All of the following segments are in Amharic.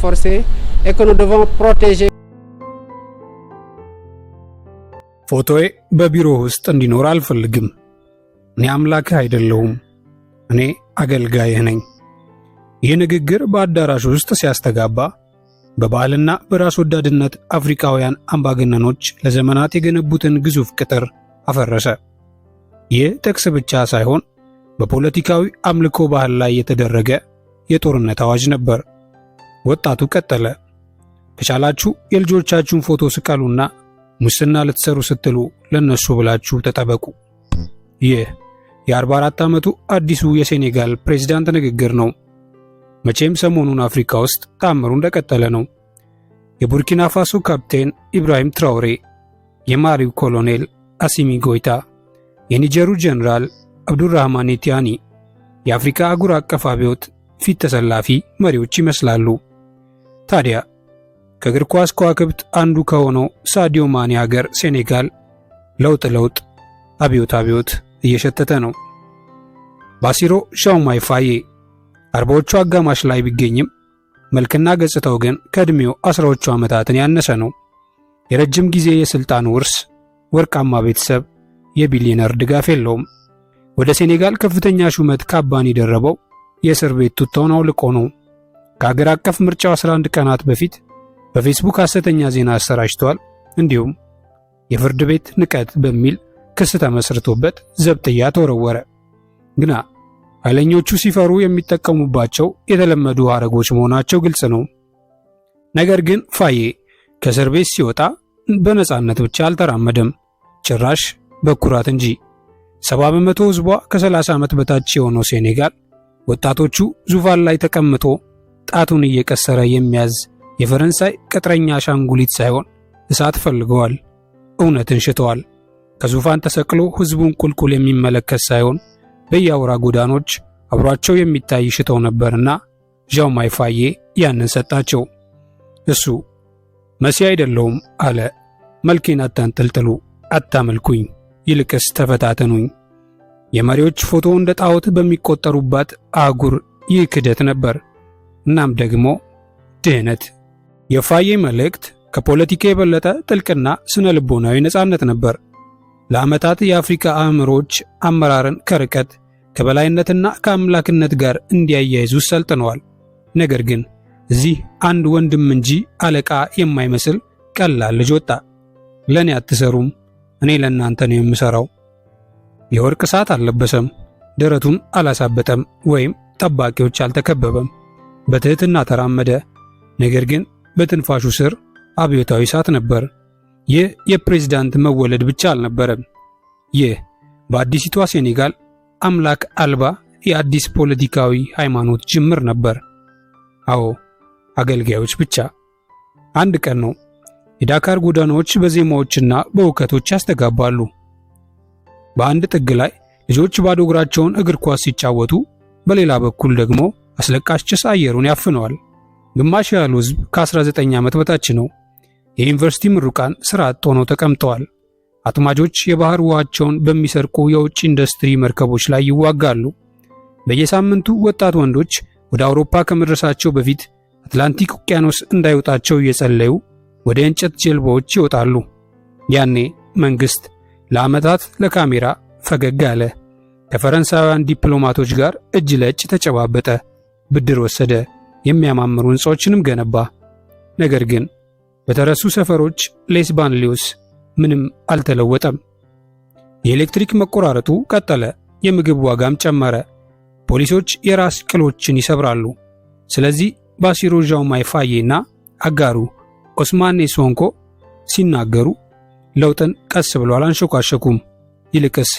renforcer et que nous devons protéger. ፎቶዬ በቢሮ ውስጥ እንዲኖር አልፈልግም። እኔ አምላክህ አይደለሁም፣ እኔ አገልጋይህ ነኝ። ይህ ንግግር በአዳራሽ ውስጥ ሲያስተጋባ በባህልና በራስ ወዳድነት አፍሪካውያን አምባገነኖች ለዘመናት የገነቡትን ግዙፍ ቅጥር አፈረሰ። ይህ ጥቅስ ብቻ ሳይሆን በፖለቲካዊ አምልኮ ባህል ላይ የተደረገ የጦርነት አዋጅ ነበር። ወጣቱ ቀጠለ። ከቻላችሁ የልጆቻችሁን ፎቶ ስቀሉና ሙስና ልትሰሩ ስትሉ ለነሱ ብላችሁ ተጠበቁ። ይህ የ44 ዓመቱ አዲሱ የሴኔጋል ፕሬዝዳንት ንግግር ነው። መቼም ሰሞኑን አፍሪካ ውስጥ ተአምሩ እንደቀጠለ ነው። የቡርኪና ፋሶ ካፕቴን ኢብራሂም ትራውሬ፣ የማሪው ኮሎኔል አሲሚ ጎይታ፣ የኒጀሩ ጀኔራል አብዱራህማን ኢቲያኒ የአፍሪካ አህጉር አቀፍ አብዮት ፊት ተሰላፊ መሪዎች ይመስላሉ። ታዲያ ከእግር ኳስ ከዋክብት አንዱ ከሆነው ሳዲዮ ማኒ ሀገር ሴኔጋል ለውጥ ለውጥ አብዮት አብዮት እየሸተተ ነው። ባሲሮ ሻውማይ ፋዬ አርባዎቹ አጋማሽ ላይ ቢገኝም መልክና ገጽታው ግን ከዕድሜው አስራዎቹ ዓመታትን ያነሰ ነው። የረጅም ጊዜ የሥልጣን ውርስ፣ ወርቃማ ቤተሰብ፣ የቢሊዮነር ድጋፍ የለውም። ወደ ሴኔጋል ከፍተኛ ሹመት ካባን የደረበው የእስር ቤት ቱታውን አውልቆ ነው። ከአገር አቀፍ ምርጫው 11 ቀናት በፊት በፌስቡክ ሐሰተኛ ዜና አሰራጭቷል። እንዲሁም የፍርድ ቤት ንቀት በሚል ክስ ተመስርቶበት ዘብጥያ ተወረወረ። ግና ኃይለኞቹ ሲፈሩ የሚጠቀሙባቸው የተለመዱ ሐረጎች መሆናቸው ግልጽ ነው። ነገር ግን ፋዬ ከእስር ቤት ሲወጣ በነፃነት ብቻ አልተራመደም፣ ጭራሽ በኩራት እንጂ። ሰባ በመቶ ህዝቧ ከ30 ዓመት በታች የሆነው ሴኔጋል ወጣቶቹ ዙፋን ላይ ተቀምጦ ጣቱን እየቀሰረ የሚያዝ የፈረንሳይ ቅጥረኛ አሻንጉሊት ሳይሆን እሳት ፈልገዋል፣ እውነትን ሽተዋል። ከዙፋን ተሰቅሎ ሕዝቡን ቁልቁል የሚመለከት ሳይሆን በየአውራ ጎዳኖች አብሯቸው የሚታይ ሽተው ነበርና ዣው ማይፋዬ ያንን ሰጣቸው። እሱ መሲህ አይደለውም አለ። መልኬን አታንጠልጥሉ፣ አታመልኩኝ፣ ይልቅስ ተፈታተኑኝ። የመሪዎች ፎቶ እንደ ጣዖት በሚቆጠሩባት አህጉር ይህ ክደት ነበር። እናም ደግሞ ድህነት። የፋዬ መልእክት ከፖለቲካ የበለጠ ጥልቅና ስነ ልቦናዊ ነፃነት ነበር። ለዓመታት የአፍሪካ አእምሮች አመራርን ከርቀት ከበላይነትና ከአምላክነት ጋር እንዲያያይዙ ሰልጥነዋል። ነገር ግን እዚህ አንድ ወንድም እንጂ አለቃ የማይመስል ቀላል ልጅ ወጣ። ለእኔ አትሰሩም፣ እኔ ለእናንተ ነው የምሰራው። የወርቅ ሰዓት አልለበሰም፣ ደረቱን አላሳበጠም፣ ወይም ጠባቂዎች አልተከበበም። በትሕትና ተራመደ። ነገር ግን በትንፋሹ ስር አብዮታዊ እሳት ነበር። ይህ የፕሬዝዳንት መወለድ ብቻ አልነበረም። ይህ በአዲሲቷ ሴኔጋል አምላክ አልባ የአዲስ ፖለቲካዊ ሃይማኖት ጅምር ነበር። አዎ አገልጋዮች ብቻ። አንድ ቀን ነው። የዳካር ጎዳናዎች በዜማዎችና በእውከቶች ያስተጋባሉ። በአንድ ጥግ ላይ ልጆች ባዶ እግራቸውን እግር ኳስ ሲጫወቱ፣ በሌላ በኩል ደግሞ አስለቃሽ ጭስ አየሩን ያፍነዋል። ግማሽ ያህሉ ሕዝብ ከ19 ዓመት በታች ነው። የዩኒቨርሲቲ ምሩቃን ስራ አጥ ሆነው ተቀምጠዋል። አጥማጆች የባህር ውሃቸውን በሚሰርቁ የውጭ ኢንዱስትሪ መርከቦች ላይ ይዋጋሉ። በየሳምንቱ ወጣት ወንዶች ወደ አውሮፓ ከመድረሳቸው በፊት አትላንቲክ ውቅያኖስ እንዳይወጣቸው እየጸለዩ ወደ እንጨት ጀልባዎች ይወጣሉ። ያኔ መንግስት ለዓመታት ለካሜራ ፈገግ አለ። ከፈረንሳውያን ዲፕሎማቶች ጋር እጅ ለእጅ ተጨባበጠ። ብድር ወሰደ፣ የሚያማምሩ ሕንፃዎችንም ገነባ። ነገር ግን በተረሱ ሰፈሮች ሌስ ባንሊዮስ ምንም አልተለወጠም። የኤሌክትሪክ መቆራረጡ ቀጠለ፣ የምግብ ዋጋም ጨመረ። ፖሊሶች የራስ ቅሎችን ይሰብራሉ። ስለዚህ ባሲሮ ዣውማይ ፋዬና አጋሩ ኦስማኔ ሶንኮ ሲናገሩ ለውጥን ቀስ ብሎ አላንሸኳሸኩም፣ ይልቅስ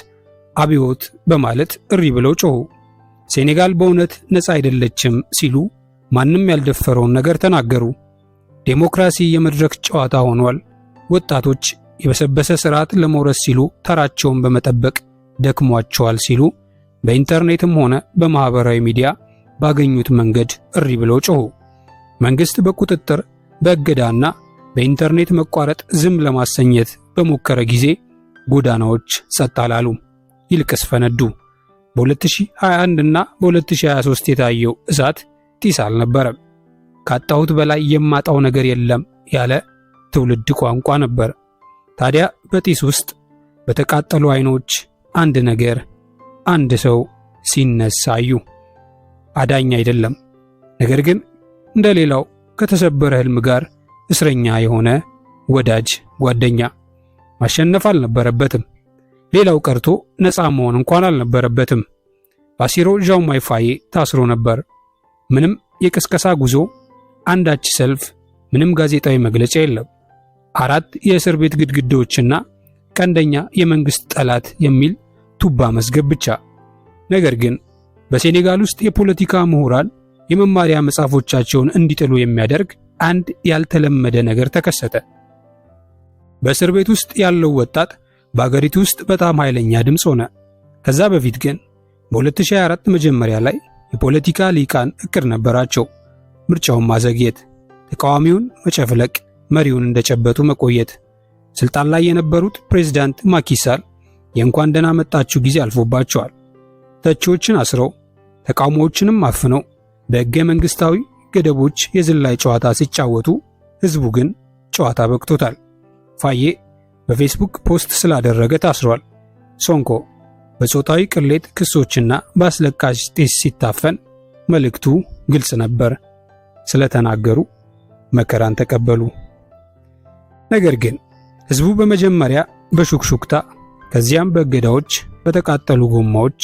አብዮት በማለት እሪ ብለው ጮኹ። ሴኔጋል በእውነት ነፃ አይደለችም ሲሉ ማንም ያልደፈረውን ነገር ተናገሩ። ዴሞክራሲ የመድረክ ጨዋታ ሆኗል። ወጣቶች የበሰበሰ ስርዓት ለመውረስ ሲሉ ተራቸውን በመጠበቅ ደክሟቸዋል ሲሉ በኢንተርኔትም ሆነ በማኅበራዊ ሚዲያ ባገኙት መንገድ እሪ ብለው ጮኹ። መንግሥት በቁጥጥር በእገዳና በኢንተርኔት መቋረጥ ዝም ለማሰኘት በሞከረ ጊዜ ጎዳናዎች ጸጥ አላሉ፣ ይልቅስ ፈነዱ። በ2021 እና በ2023 የታየው እሳት ጢስ አልነበረም። ካጣሁት በላይ የማጣው ነገር የለም ያለ ትውልድ ቋንቋ ነበር። ታዲያ በጢስ ውስጥ በተቃጠሉ አይኖች አንድ ነገር አንድ ሰው ሲነሳ አዩ። አዳኝ አይደለም፣ ነገር ግን እንደ ሌላው ከተሰበረ ህልም ጋር እስረኛ የሆነ ወዳጅ ጓደኛ። ማሸነፍ አልነበረበትም። ሌላው ቀርቶ ነፃ መሆን እንኳን አልነበረበትም። ባሲሮ ዣውማይ ፋዬ ታስሮ ነበር። ምንም የቅስቀሳ ጉዞ፣ አንዳች ሰልፍ፣ ምንም ጋዜጣዊ መግለጫ የለም። አራት የእስር ቤት ግድግዳዎችና ቀንደኛ የመንግስት ጠላት የሚል ቱባ መዝገብ ብቻ። ነገር ግን በሴኔጋል ውስጥ የፖለቲካ ምሁራን የመማሪያ መጽሐፎቻቸውን እንዲጥሉ የሚያደርግ አንድ ያልተለመደ ነገር ተከሰተ። በእስር ቤት ውስጥ ያለው ወጣት በአገሪቱ ውስጥ በጣም ኃይለኛ ድምፅ ሆነ። ከዛ በፊት ግን በ2024 መጀመሪያ ላይ የፖለቲካ ሊቃን እቅድ ነበራቸው። ምርጫውን ማዘግየት፣ ተቃዋሚውን መጨፍለቅ፣ መሪውን እንደጨበጡ መቆየት። ስልጣን ላይ የነበሩት ፕሬዝዳንት ማኪሳል የእንኳን ደህና መጣችሁ ጊዜ አልፎባቸዋል። ተቺዎችን አስረው ተቃውሞዎችንም አፍነው በሕገ መንግሥታዊ ገደቦች የዝላይ ጨዋታ ሲጫወቱ፣ ሕዝቡ ግን ጨዋታ በቅቶታል። ፋዬ በፌስቡክ ፖስት ስላደረገ ታስሯል። ሶንኮ በጾታዊ ቅሌት ክሶችና በአስለቃሽ ጤስ ሲታፈን መልእክቱ ግልጽ ነበር። ስለተናገሩ መከራን ተቀበሉ። ነገር ግን ሕዝቡ በመጀመሪያ በሹክሹክታ ከዚያም በእገዳዎች፣ በተቃጠሉ ጎማዎች፣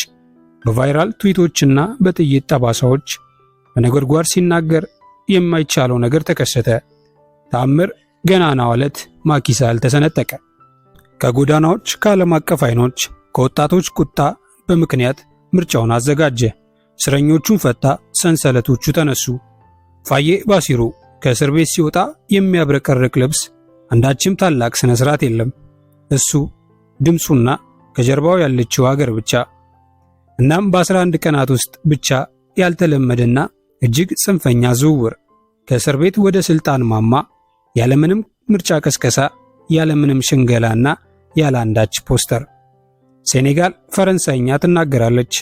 በቫይራል ትዊቶችና በጥይት ጠባሳዎች በነጎድጓድ ሲናገር የማይቻለው ነገር ተከሰተ። ተአምር ገናና ዋለት ማኪሳል ተሰነጠቀ። ከጎዳናዎች ከዓለም አቀፍ አይኖች ከወጣቶች ቁጣ በምክንያት ምርጫውን አዘጋጀ። እስረኞቹን ፈታ፣ ሰንሰለቶቹ ተነሱ። ፋዬ ባሲሩ ከእስር ቤት ሲወጣ የሚያብረቀርቅ ልብስ፣ አንዳችም ታላቅ ሥነ ሥርዓት የለም። እሱ ድምፁና ከጀርባው ያለችው አገር ብቻ። እናም በ11 ቀናት ውስጥ ብቻ ያልተለመደና እጅግ ጽንፈኛ ዝውውር ከእስር ቤት ወደ ስልጣን ማማ ያለምንም ምርጫ ቀስቀሳ ያለምንም ሽንገላና ያለ አንዳች ፖስተር። ሴኔጋል ፈረንሳይኛ ትናገራለች።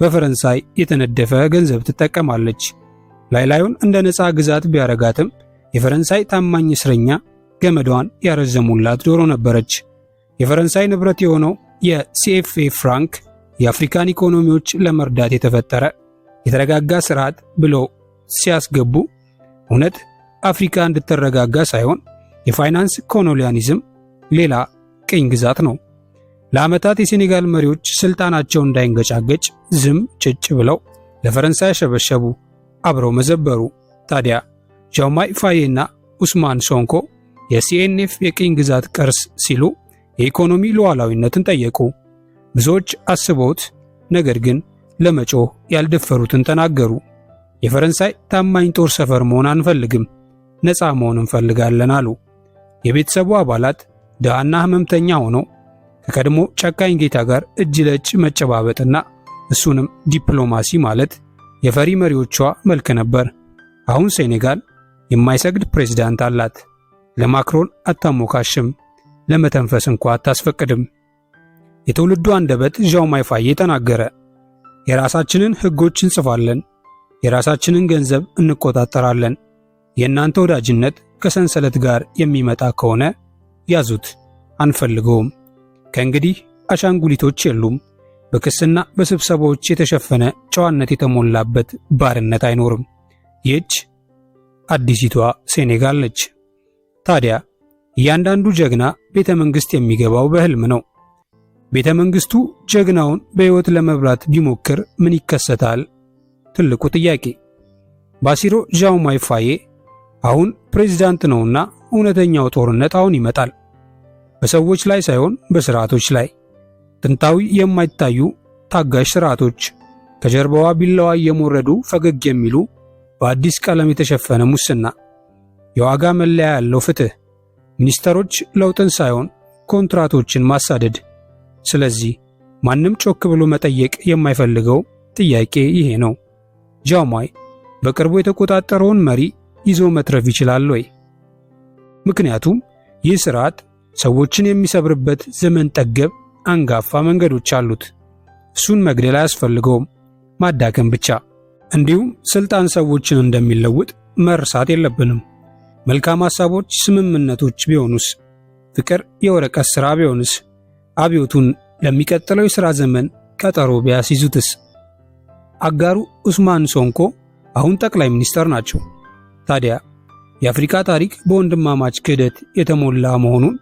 በፈረንሳይ የተነደፈ ገንዘብ ትጠቀማለች። ላይላዩን እንደ ነፃ ግዛት ቢያረጋትም የፈረንሳይ ታማኝ እስረኛ ገመዷን ያረዘሙላት ዶሮ ነበረች። የፈረንሳይ ንብረት የሆነው የሲኤፍኤ ፍራንክ የአፍሪካን ኢኮኖሚዎች ለመርዳት የተፈጠረ የተረጋጋ ስርዓት ብሎ ሲያስገቡ እውነት አፍሪካ እንድትረጋጋ ሳይሆን የፋይናንስ ኮሎኒያሊዝም ሌላ ቅኝ ግዛት ነው። ለዓመታት የሴኔጋል መሪዎች ስልጣናቸው እንዳይንገጫገጭ ዝም ጭጭ ብለው ለፈረንሳይ አሸበሸቡ፣ አብረው መዘበሩ። ታዲያ ፋዬ ፋዬና ኡስማን ሶንኮ የሲኤንኤፍ የቅኝ ግዛት ቅርስ ሲሉ የኢኮኖሚ ሉዓላዊነትን ጠየቁ። ብዙዎች አስበውት ነገር ግን ለመጮህ ያልደፈሩትን ተናገሩ። የፈረንሳይ ታማኝ ጦር ሰፈር መሆን አንፈልግም፣ ነፃ መሆን እንፈልጋለን አሉ። የቤተሰቡ አባላት ድሃና ህመምተኛ ሆነው ከቀድሞ ጨካኝ ጌታ ጋር እጅ ለእጅ መጨባበጥና እሱንም ዲፕሎማሲ ማለት የፈሪ መሪዎቿ መልክ ነበር። አሁን ሴኔጋል የማይሰግድ ፕሬዝዳንት አላት። ለማክሮን አታሞካሽም፣ ለመተንፈስ እንኳ አታስፈቅድም። የትውልዱ አንደበት ዣው ማይፋዬ ተናገረ። የራሳችንን ህጎች እንጽፋለን፣ የራሳችንን ገንዘብ እንቆጣጠራለን፣ የእናንተ ወዳጅነት ከሰንሰለት ጋር የሚመጣ ከሆነ ያዙት፣ አንፈልገውም። ከእንግዲህ አሻንጉሊቶች የሉም። በክስና በስብሰባዎች የተሸፈነ ጨዋነት የተሞላበት ባርነት አይኖርም። ይህች አዲሲቷ ሴኔጋል ነች። ታዲያ እያንዳንዱ ጀግና ቤተ መንግሥት የሚገባው በሕልም ነው። ቤተ መንግሥቱ ጀግናውን በሕይወት ለመብላት ቢሞክር ምን ይከሰታል? ትልቁ ጥያቄ። ባሲሮ ዣውማይ ፋዬ አሁን ፕሬዝዳንት ነውና እውነተኛው ጦርነት አሁን ይመጣል። በሰዎች ላይ ሳይሆን በስርዓቶች ላይ። ጥንታዊ የማይታዩ ታጋሽ ስርዓቶች፣ ከጀርባዋ ቢላዋ እየሞረዱ ፈገግ የሚሉ በአዲስ ቀለም የተሸፈነ ሙስና፣ የዋጋ መለያ ያለው ፍትህ፣ ሚኒስተሮች ለውጥን ሳይሆን ኮንትራቶችን ማሳደድ። ስለዚህ ማንም ጮክ ብሎ መጠየቅ የማይፈልገው ጥያቄ ይሄ ነው። ጃውማይ በቅርቡ የተቆጣጠረውን መሪ ይዞ መትረፍ ይችላል ወይ? ምክንያቱም ይህ ስርዓት ሰዎችን የሚሰብርበት ዘመን ጠገብ አንጋፋ መንገዶች አሉት። እሱን መግደል አያስፈልገውም፣ ማዳከም ብቻ። እንዲሁም ስልጣን ሰዎችን እንደሚለውጥ መርሳት የለብንም። መልካም ሐሳቦች፣ ስምምነቶች ቢሆኑስ? ፍቅር የወረቀት ሥራ ቢሆንስ? አብዮቱን ለሚቀጥለው የሥራ ዘመን ቀጠሮ ቢያስይዙትስ? አጋሩ ኡስማን ሶንኮ አሁን ጠቅላይ ሚኒስተር ናቸው። ታዲያ የአፍሪካ ታሪክ በወንድማማች ክህደት የተሞላ መሆኑን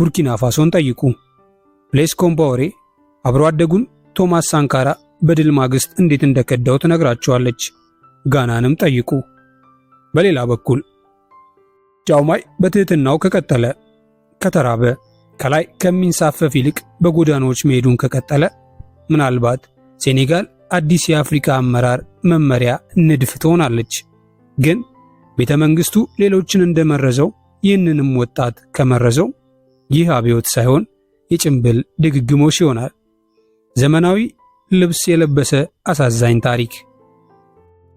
ቡርኪና ፋሶን ጠይቁ። ፕሌስ ኮምፓወሬ አብሮ አደጉን ቶማስ ሳንካራ በድል ማግስት እንዴት እንደከዳው ትነግራችኋለች። ጋናንም ጠይቁ። በሌላ በኩል ጃውማይ በትህትናው ከቀጠለ፣ ከተራበ፣ ከላይ ከሚንሳፈፍ ይልቅ በጎዳናዎች መሄዱን ከቀጠለ ምናልባት ሴኔጋል አዲስ የአፍሪካ አመራር መመሪያ ንድፍ ትሆናለች ግን ቤተ መንግሥቱ ሌሎችን እንደመረዘው ይህንንም ወጣት ከመረዘው ይህ አብዮት ሳይሆን የጭንብል ድግግሞሽ ይሆናል። ዘመናዊ ልብስ የለበሰ አሳዛኝ ታሪክ።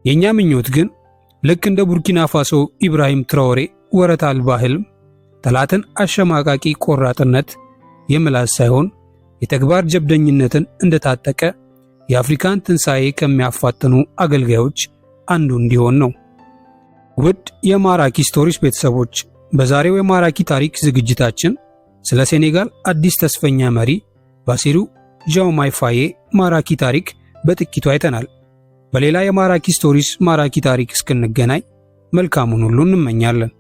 የእኛ ምኞት ግን ልክ እንደ ቡርኪና ፋሶ ኢብራሂም ትራኦሬ ወረት አልባ ህልም ጠላትን አሸማቃቂ ቆራጥነት የምላስ ሳይሆን የተግባር ጀብደኝነትን እንደታጠቀ የአፍሪካን ትንሣኤ ከሚያፋጥኑ አገልጋዮች አንዱ እንዲሆን ነው። ውድ የማራኪ ስቶሪስ ቤተሰቦች በዛሬው የማራኪ ታሪክ ዝግጅታችን ስለ ሴኔጋል አዲስ ተስፈኛ መሪ ባሲሩ ዣውማይ ፋዬ ማራኪ ታሪክ በጥቂቱ አይተናል። በሌላ የማራኪ ስቶሪስ ማራኪ ታሪክ እስክንገናኝ መልካሙን ሁሉ እንመኛለን።